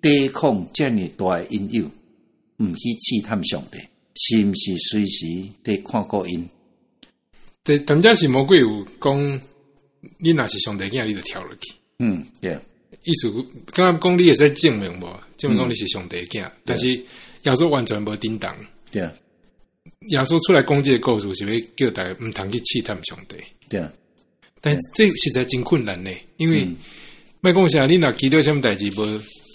對抗這樣多的因由，唔去試探上帝，是毋是隨時在看顧因？在當家是魔鬼，講你那是上帝嘅，你就跳落去。嗯，對。意思，剛剛講你也在證明無，證明講你是上帝嘅，嗯，但是耶穌完全無振動。對啊。耶穌出來講即個故事，是欲叫大家唔通去試探上帝？對啊。但這實在真困難嘞，因為莫講下你哪幾多什麼代志無？